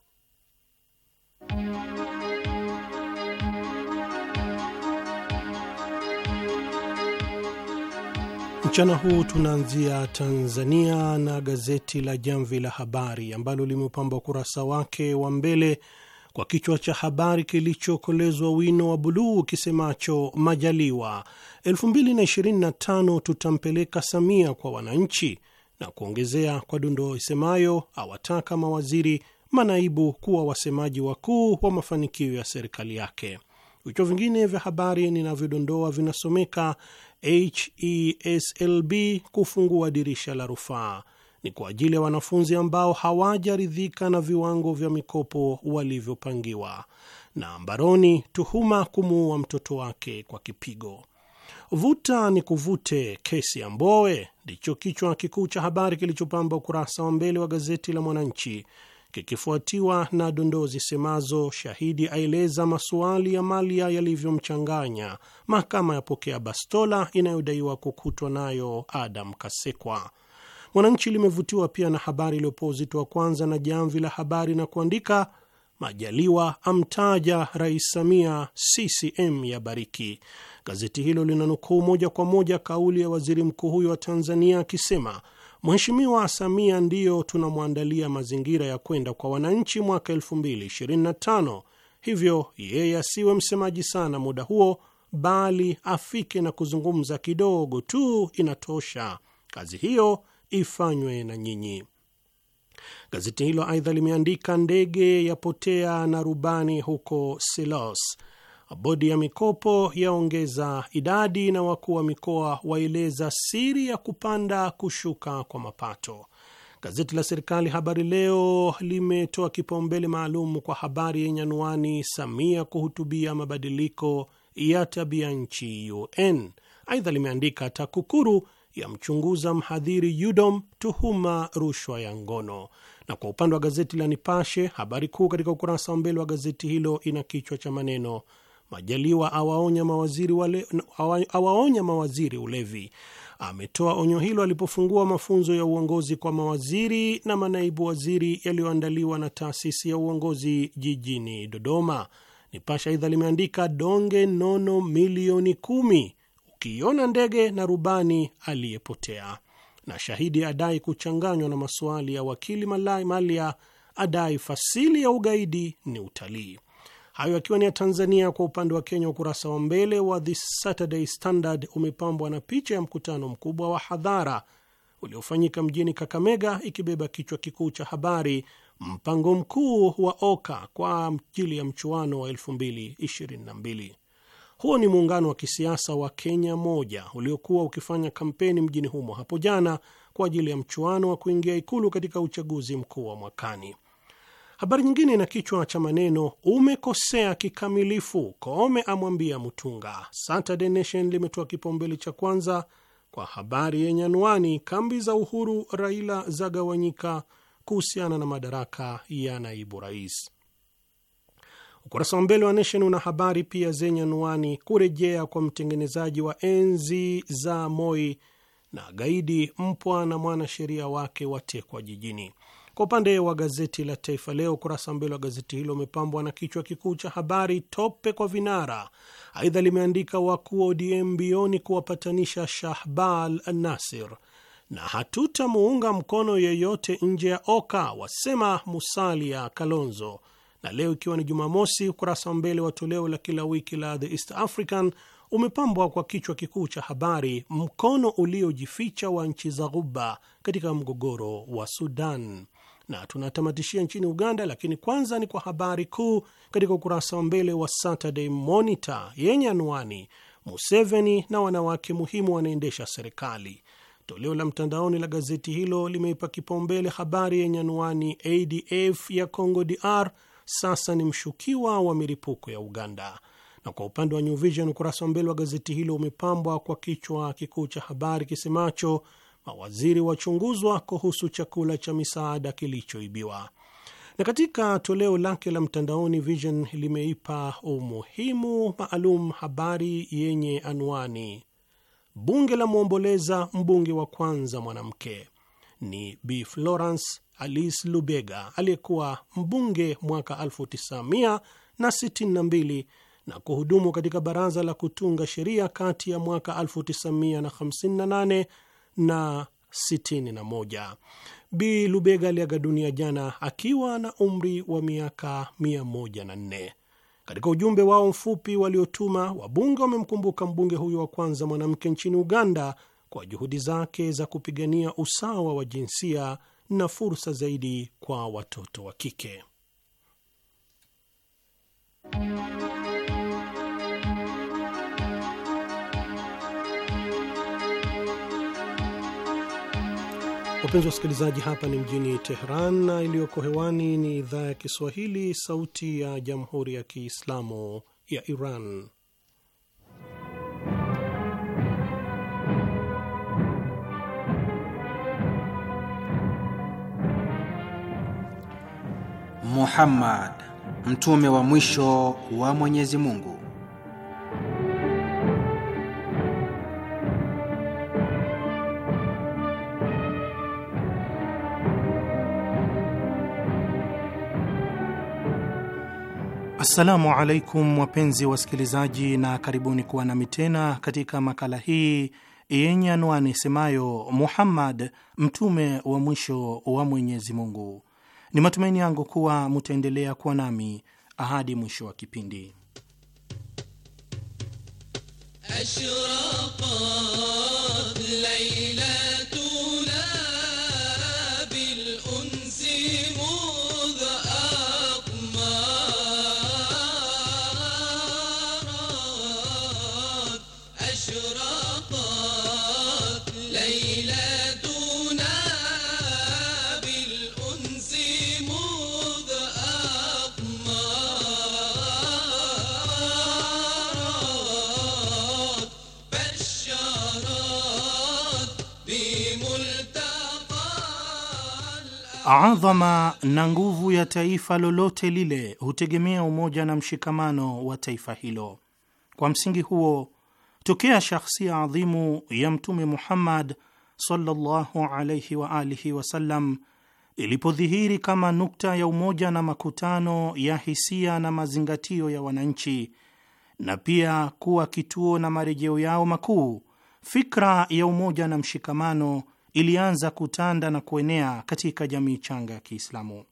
Mchana huu tunaanzia Tanzania na gazeti la Jamvi la Habari ambalo limeupamba ukurasa wake wa mbele kwa kichwa cha habari kilichokolezwa wino wa buluu kisemacho Majaliwa 2025 tutampeleka Samia kwa wananchi, na kuongezea kwa dondoo isemayo awataka mawaziri manaibu kuwa wasemaji wakuu wa mafanikio ya serikali yake. Vichwa vingine vya habari ninavyodondoa vinasomeka HESLB kufungua dirisha la rufaa ni kwa ajili ya wanafunzi ambao hawajaridhika na viwango vya mikopo walivyopangiwa, na mbaroni tuhuma kumuua mtoto wake kwa kipigo. Vuta ni kuvute kesi ya Mbowe ndicho kichwa kikuu cha habari kilichopamba ukurasa wa mbele wa gazeti la Mwananchi kikifuatiwa na dondoo zisemazo shahidi aeleza masuali ya Malia yalivyomchanganya, mahakama yapokea bastola inayodaiwa kukutwa nayo Adam Kasekwa. Mwananchi limevutiwa pia na habari iliyopoa uzito wa kwanza na Jamvi la Habari na kuandika Majaliwa amtaja Rais Samia, CCM ya bariki. Gazeti hilo linanukuu moja kwa moja kauli ya waziri mkuu huyo wa Tanzania akisema Mheshimiwa Samia ndiyo tunamwandalia mazingira ya kwenda kwa wananchi mwaka 2025, hivyo yeye asiwe msemaji sana muda huo, bali afike na kuzungumza kidogo tu inatosha. Kazi hiyo ifanywe na nyinyi. Gazeti hilo aidha limeandika ndege yapotea na rubani huko Silos. Bodi ya mikopo yaongeza idadi na wakuu wa mikoa waeleza siri ya kupanda kushuka kwa mapato. Gazeti la serikali Habari Leo limetoa kipaumbele maalum kwa habari yenye anwani Samia kuhutubia mabadiliko ya tabia nchi UN. Aidha limeandika TAKUKURU yamchunguza mhadhiri Yudom tuhuma rushwa ya ngono. Na kwa upande wa gazeti la Nipashe, habari kuu katika ukurasa wa mbele wa gazeti hilo ina kichwa cha maneno Majaliwa awaonya mawaziri, wale, awaonya mawaziri ulevi. Ametoa onyo hilo alipofungua mafunzo ya uongozi kwa mawaziri na manaibu waziri yaliyoandaliwa na taasisi ya uongozi jijini Dodoma. Nipasha aidha limeandika donge nono milioni kumi ukiiona ndege na rubani aliyepotea, na shahidi adai kuchanganywa na maswali ya wakili Malai Malia adai fasili ya ugaidi ni utalii hayo akiwa ni ya Tanzania. Kwa upande wa Kenya, ukurasa wa mbele wa The Saturday Standard umepambwa na picha ya mkutano mkubwa wa hadhara uliofanyika mjini Kakamega, ikibeba kichwa kikuu cha habari, mpango mkuu wa Oka kwa ajili ya mchuano wa 2022. Huo ni muungano wa kisiasa wa Kenya moja uliokuwa ukifanya kampeni mjini humo hapo jana kwa ajili ya mchuano wa kuingia ikulu katika uchaguzi mkuu wa mwakani. Habari nyingine ina kichwa cha maneno umekosea kikamilifu, Koome amwambia Mutunga. Saturday Nation limetoa kipaumbele cha kwanza kwa habari yenye anwani kambi za Uhuru Raila zagawanyika kuhusiana na madaraka ya naibu rais. Ukurasa wa mbele wa Nation una habari pia zenye anwani kurejea kwa mtengenezaji wa enzi za Moi na gaidi mpwa na mwanasheria wake watekwa jijini. Kwa upande wa gazeti la Taifa Leo, ukurasa wa mbele wa gazeti hilo umepambwa na kichwa kikuu cha habari, tope kwa vinara. Aidha limeandika wakuu wa ODM mbioni kuwapatanisha Shahbal Nasir na hatutamuunga mkono yeyote nje ya Oka, wasema Musalia Kalonzo. Na leo ikiwa ni Jumamosi, ukurasa wa mbele wa toleo la kila wiki la The East African umepambwa kwa kichwa kikuu cha habari, mkono uliojificha wa nchi za Ghuba katika mgogoro wa Sudan na tunatamatishia nchini Uganda, lakini kwanza ni kwa habari kuu katika ukurasa wa mbele wa Saturday Monitor yenye anwani Museveni na wanawake muhimu wanaendesha serikali. Toleo la mtandaoni la gazeti hilo limeipa kipaumbele habari yenye anwani ADF ya Congo DR sasa ni mshukiwa wa milipuko ya Uganda. Na kwa upande wa New Vision, ukurasa wa mbele wa gazeti hilo umepambwa kwa kichwa kikuu cha habari kisemacho mawaziri wachunguzwa kuhusu chakula cha misaada kilichoibiwa. Na katika toleo lake la mtandaoni, Vision limeipa umuhimu maalum habari yenye anwani bunge la mwomboleza mbunge wa kwanza mwanamke ni Bi Florence Alice Lubega aliyekuwa mbunge mwaka 1962 na kuhudumu katika baraza la kutunga sheria kati ya mwaka 1958 na moja. Bi Lubega aliaga dunia jana akiwa na umri wa miaka nne. Katika ujumbe wao mfupi waliotuma, wabunge wamemkumbuka mbunge huyo wa kwanza mwanamke nchini Uganda kwa juhudi zake za kupigania usawa wa jinsia na fursa zaidi kwa watoto wa kike. Wapenzi wasikilizaji, hapa ni mjini Teheran na iliyoko hewani ni idhaa ya Kiswahili, Sauti ya Jamhuri ya Kiislamu ya Iran. Muhammad, mtume wa mwisho wa Mwenyezi Mungu. Assalamu alaikum wapenzi wasikilizaji, na karibuni kuwa nami tena katika makala hii yenye anwani semayo Muhammad mtume wa mwisho wa Mwenyezi Mungu. Ni matumaini yangu kuwa mutaendelea kuwa nami ahadi mwisho wa kipindi. Ashraqa, Adhama na nguvu ya taifa lolote lile hutegemea umoja na mshikamano wa taifa hilo. Kwa msingi huo, ilitokea shakhsia adhimu ya Mtume Muhammad sallallahu alayhi wa alihi wasallam ilipodhihiri kama nukta ya umoja na makutano ya hisia na mazingatio ya wananchi na pia kuwa kituo na marejeo yao makuu. Fikra ya umoja na mshikamano ilianza kutanda na kuenea katika jamii changa ya Kiislamu.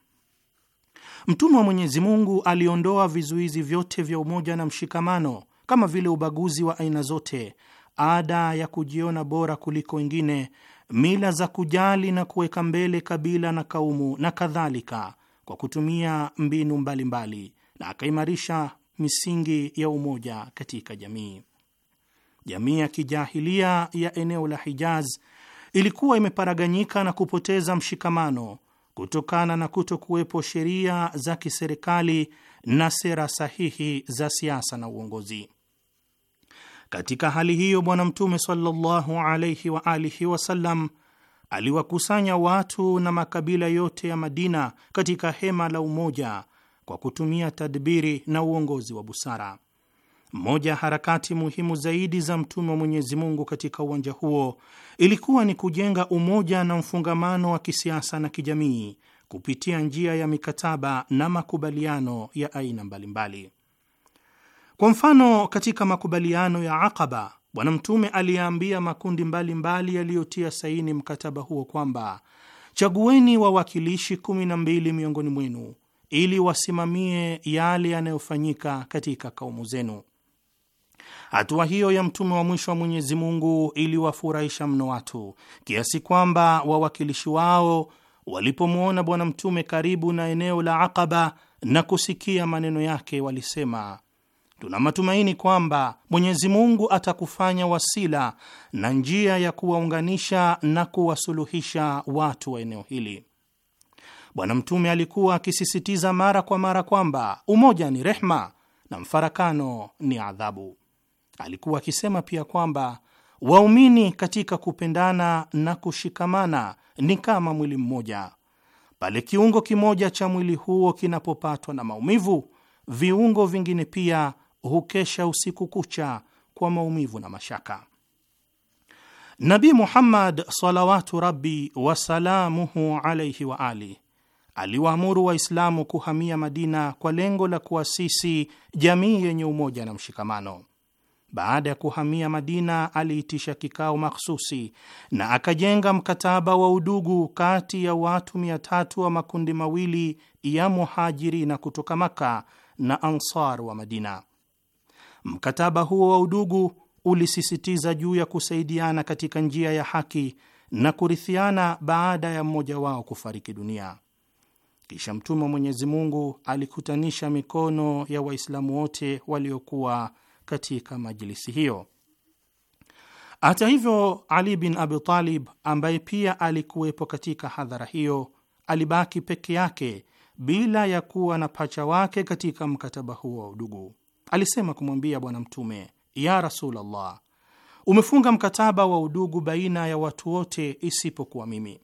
Mtume wa Mwenyezi Mungu aliondoa vizuizi vyote vya umoja na mshikamano kama vile ubaguzi wa aina zote, ada ya kujiona bora kuliko wengine, mila za kujali na kuweka mbele kabila na kaumu na kadhalika, kwa kutumia mbinu mbalimbali mbali, na akaimarisha misingi ya umoja katika jamii. Jamii ya kijahilia ya eneo la Hijaz ilikuwa imeparaganyika na kupoteza mshikamano kutokana na kuto kuwepo sheria za kiserikali na sera sahihi za siasa na uongozi. Katika hali hiyo Bwana Mtume sallallahu alaihi wa alihi wasallam aliwakusanya watu na makabila yote ya Madina katika hema la umoja kwa kutumia tadbiri na uongozi wa busara. Moja ya harakati muhimu zaidi za mtume wa Mwenyezi Mungu katika uwanja huo ilikuwa ni kujenga umoja na mfungamano wa kisiasa na kijamii kupitia njia ya mikataba na makubaliano ya aina mbalimbali. Kwa mfano, katika makubaliano ya Aqaba, Bwana Mtume aliyaambia makundi mbalimbali yaliyotia saini mkataba huo kwamba chagueni wawakilishi kumi na mbili miongoni mwenu ili wasimamie yale yanayofanyika katika kaumu zenu. Hatua hiyo ya mtume wa mwisho wa Mwenyezi Mungu iliwafurahisha mno watu kiasi kwamba wawakilishi wao walipomwona Bwana Mtume karibu na eneo la aqaba na kusikia maneno yake, walisema Tuna matumaini kwamba Mwenyezi Mungu atakufanya wasila na njia ya kuwaunganisha na kuwasuluhisha watu wa eneo hili. Bwana Mtume alikuwa akisisitiza mara kwa mara kwamba umoja ni rehma na mfarakano ni adhabu. Alikuwa akisema pia kwamba waumini katika kupendana na kushikamana ni kama mwili mmoja. Pale kiungo kimoja cha mwili huo kinapopatwa na maumivu, viungo vingine pia hukesha usiku kucha kwa maumivu na mashaka. Nabi Muhammad salawatu rabi wasalamuhu alaihi wa ali aliwaamuru Waislamu kuhamia Madina kwa lengo la kuasisi jamii yenye umoja na mshikamano. Baada ya kuhamia Madina, aliitisha kikao mahsusi na akajenga mkataba wa udugu kati ya watu mia tatu wa makundi mawili ya Muhajiri na kutoka Maka na Ansar wa Madina. Mkataba huo wa udugu ulisisitiza juu ya kusaidiana katika njia ya haki na kurithiana baada ya mmoja wao kufariki dunia. Kisha Mtume wa Mwenyezi Mungu alikutanisha mikono ya Waislamu wote waliokuwa katika majilisi hiyo. Hata hivyo, Ali bin Abi Talib ambaye pia alikuwepo katika hadhara hiyo alibaki peke yake bila ya kuwa na pacha wake katika mkataba huo wa udugu. Alisema kumwambia Bwana Mtume, ya rasulllah umefunga mkataba wa udugu baina ya watu wote isipokuwa mimi.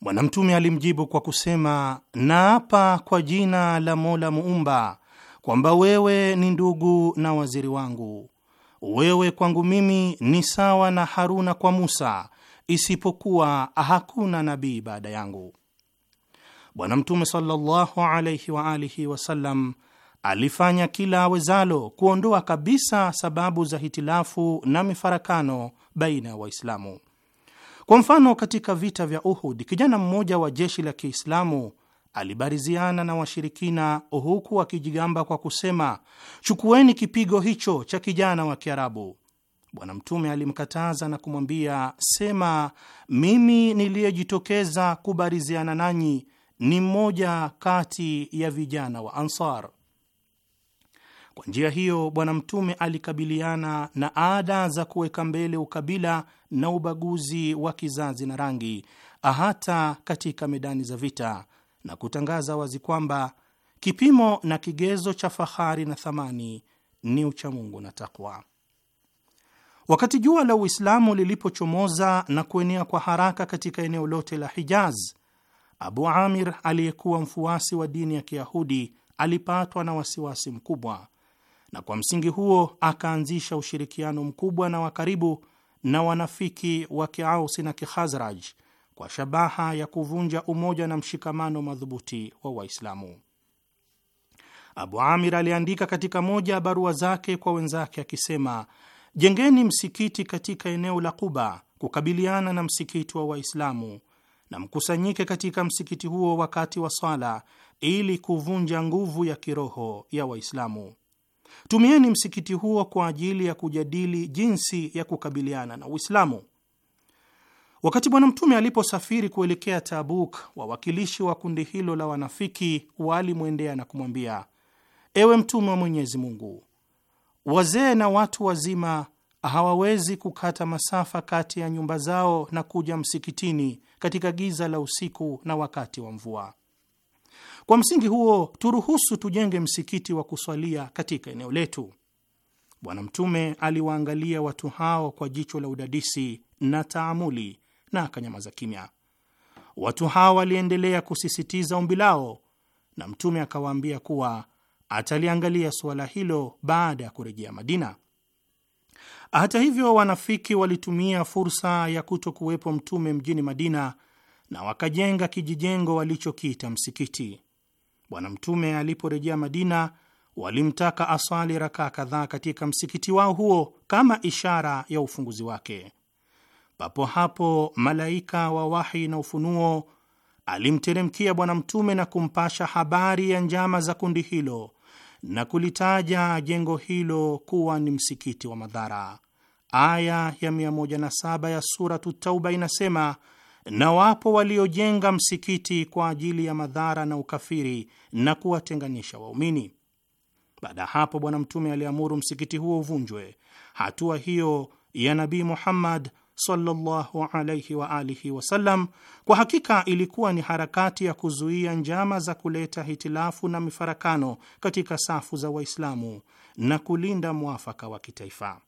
Bwana Mtume alimjibu kwa kusema, naapa kwa jina la Mola Muumba kwamba wewe ni ndugu na waziri wangu. Wewe kwangu mimi ni sawa na Haruna kwa Musa, isipokuwa hakuna nabii baada yangu. Bwana Mtume sallallahu alayhi wa alihi wasallam alifanya kila awezalo kuondoa kabisa sababu za hitilafu na mifarakano baina ya Waislamu. Kwa mfano, katika vita vya Uhud, kijana mmoja wa jeshi la Kiislamu alibariziana na washirikina huku akijigamba kwa kusema, chukueni kipigo hicho cha kijana wa Kiarabu. Bwana Mtume alimkataza na kumwambia, sema, mimi niliyejitokeza kubariziana nanyi ni mmoja kati ya vijana wa Ansar. Kwa njia hiyo, Bwana Mtume alikabiliana na ada za kuweka mbele ukabila na ubaguzi wa kizazi na rangi, hata katika medani za vita, na kutangaza wazi kwamba kipimo na kigezo cha fahari na thamani ni uchamungu na takwa. Wakati jua la Uislamu lilipochomoza na kuenea kwa haraka katika eneo lote la Hijaz, Abu Amir aliyekuwa mfuasi wa dini ya Kiyahudi alipatwa na wasiwasi mkubwa na kwa msingi huo akaanzisha ushirikiano mkubwa na wakaribu na wanafiki wa Kiausi na Kikhazraj kwa shabaha ya kuvunja umoja na mshikamano madhubuti wa Waislamu. Abu Amir aliandika katika moja ya barua zake kwa wenzake akisema, jengeni msikiti katika eneo la Quba kukabiliana na msikiti wa Waislamu na mkusanyike katika msikiti huo wakati wa swala ili kuvunja nguvu ya kiroho ya Waislamu. Tumieni msikiti huo kwa ajili ya kujadili jinsi ya kukabiliana na Uislamu. Wakati Bwana Mtume aliposafiri kuelekea Tabuk, wawakilishi wa kundi hilo la wanafiki walimwendea na kumwambia, ewe Mtume wa Mwenyezi Mungu, wazee na watu wazima hawawezi kukata masafa kati ya nyumba zao na kuja msikitini katika giza la usiku na wakati wa mvua. Kwa msingi huo, turuhusu tujenge msikiti wa kuswalia katika eneo letu. Bwana Mtume aliwaangalia watu hao kwa jicho la udadisi na taamuli na akanyamaza kimya. Watu hao waliendelea kusisitiza ombi lao, na Mtume akawaambia kuwa ataliangalia suala hilo baada ya kurejea Madina. Hata hivyo, wanafiki walitumia fursa ya kuto kuwepo Mtume mjini Madina na wakajenga kijijengo walichokiita msikiti. Bwana Mtume aliporejea Madina, walimtaka aswali rakaa kadhaa katika msikiti wao huo kama ishara ya ufunguzi wake. Papo hapo malaika wa wahi na ufunuo alimteremkia Bwana Mtume na kumpasha habari ya njama za kundi hilo na kulitaja jengo hilo kuwa ni msikiti wa madhara. Aya ya 107 ya Suratu Tauba inasema na wapo waliojenga msikiti kwa ajili ya madhara na ukafiri na kuwatenganisha waumini. Baada ya hapo, Bwana Mtume aliamuru msikiti huo uvunjwe. Hatua hiyo ya Nabii Muhammad sallallahu alayhi wa alihi wasallam kwa hakika ilikuwa ni harakati ya kuzuia njama za kuleta hitilafu na mifarakano katika safu za Waislamu na kulinda mwafaka wa kitaifa.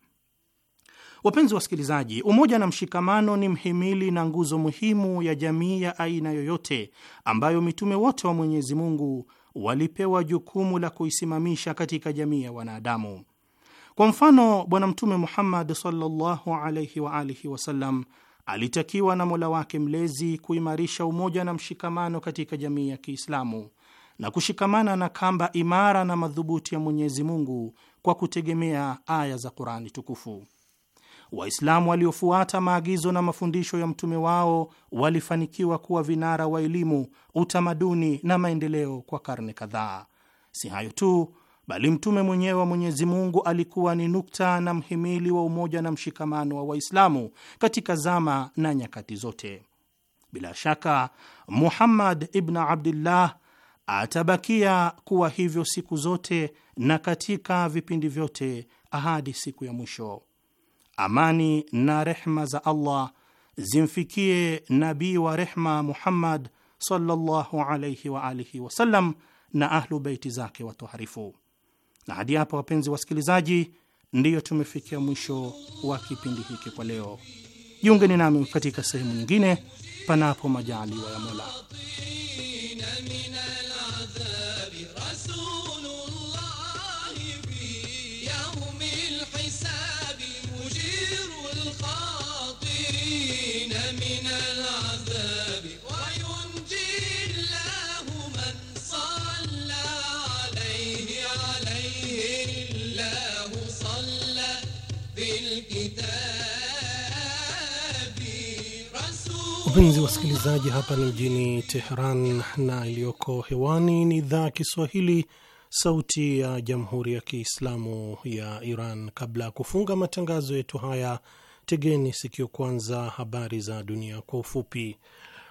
Wapenzi wasikilizaji, umoja na mshikamano ni mhimili na nguzo muhimu ya jamii ya aina yoyote ambayo mitume wote wa Mwenyezi Mungu walipewa jukumu la kuisimamisha katika jamii ya wanadamu. Kwa mfano, Bwana Mtume Muhammad sallallahu alaihi wa alihi wasallam alitakiwa na Mola wake mlezi kuimarisha umoja na mshikamano katika jamii ya Kiislamu na kushikamana na kamba imara na madhubuti ya Mwenyezi Mungu kwa kutegemea aya za Qur'ani tukufu. Waislamu waliofuata maagizo na mafundisho ya mtume wao walifanikiwa kuwa vinara wa elimu, utamaduni na maendeleo kwa karne kadhaa. Si hayo tu, bali mtume mwenyewe wa Mwenyezi Mungu alikuwa ni nukta na mhimili wa umoja na mshikamano wa Waislamu katika zama na nyakati zote. Bila shaka Muhammad ibn Abdullah atabakia kuwa hivyo siku zote na katika vipindi vyote hadi siku ya mwisho. Amani na rehma za Allah zimfikie nabii wa rehma Muhammad sallallahu alayhi wa alihi wasallam na ahlu beiti zake watoharifu. Na hadi hapa, wapenzi wasikilizaji, ndiyo tumefikia mwisho wa kipindi hiki kwa leo. Jiungeni nami katika sehemu nyingine, panapo majaliwa ya Mola. Wapenzi wasikilizaji, hapa ni mjini Teheran na iliyoko hewani ni idhaa ya Kiswahili, Sauti ya Jamhuri ya Kiislamu ya Iran. Kabla ya kufunga matangazo yetu haya, tegeni sikio kwanza habari za dunia kwa ufupi.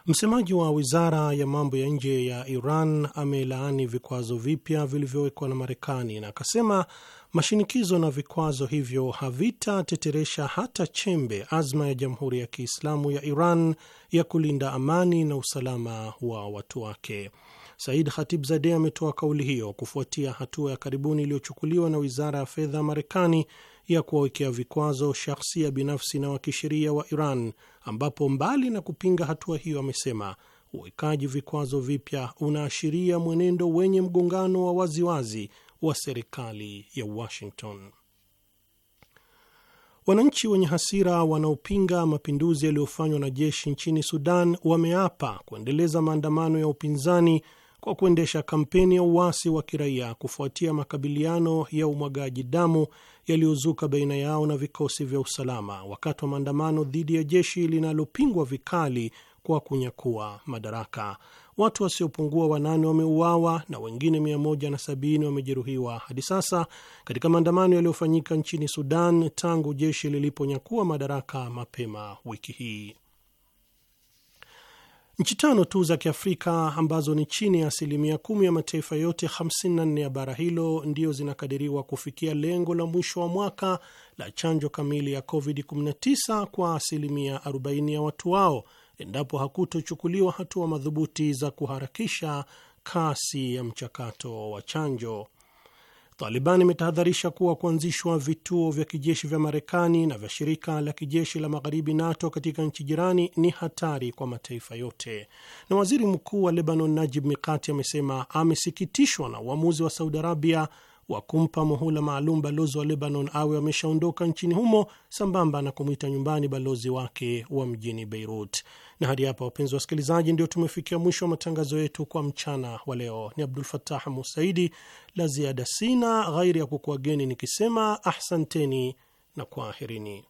Msemaji wa wizara ya mambo ya nje ya Iran amelaani vikwazo vipya vilivyowekwa na Marekani na akasema Mashinikizo na vikwazo hivyo havitateteresha hata chembe azma ya Jamhuri ya Kiislamu ya Iran ya kulinda amani na usalama wa watu wake. Said zade ametoa kauli hiyo kufuatia hatua ya karibuni iliyochukuliwa na wizara ya fedha ya Marekani ya kuwawekea vikwazo shahsia binafsi na wa kisheria wa Iran, ambapo mbali na kupinga hatua hiyo, amesema uwekaji vikwazo vipya unaashiria mwenendo wenye mgongano wa waziwazi wa serikali ya Washington. Wananchi wenye hasira wanaopinga mapinduzi yaliyofanywa na jeshi nchini Sudan wameapa kuendeleza maandamano ya upinzani kwa kuendesha kampeni ya uasi wa kiraia kufuatia makabiliano ya umwagaji damu yaliyozuka baina yao na vikosi vya usalama wakati wa maandamano dhidi ya jeshi linalopingwa vikali kwa kunyakua madaraka watu wasiopungua wanane wameuawa na wengine 170 wamejeruhiwa hadi sasa katika maandamano yaliyofanyika nchini Sudan tangu jeshi liliponyakua madaraka mapema wiki hii. Nchi tano tu za Kiafrika ambazo ni chini ya asilimia kumi ya mataifa yote 54 ya bara hilo ndio zinakadiriwa kufikia lengo la mwisho wa mwaka la chanjo kamili ya COVID-19 kwa asilimia 40 ya watu wao endapo hakutochukuliwa hatua madhubuti za kuharakisha kasi ya mchakato wa chanjo. Taliban imetahadharisha kuwa kuanzishwa vituo vya kijeshi vya Marekani na vya shirika la kijeshi la magharibi NATO katika nchi jirani ni hatari kwa mataifa yote. Na waziri mkuu wa Lebanon Najib Mikati amesema amesikitishwa na uamuzi wa Saudi Arabia wa kumpa muhula maalum balozi wa Lebanon awe ameshaondoka nchini humo sambamba na kumwita nyumbani balozi wake wa mjini Beirut. Na hadi hapa, wapenzi wasikilizaji, ndio tumefikia mwisho wa matangazo yetu kwa mchana wa leo. Ni Abdul fatah Musaidi, la ziada sina ghairi ya kukuageni nikisema ahsanteni na kwaherini.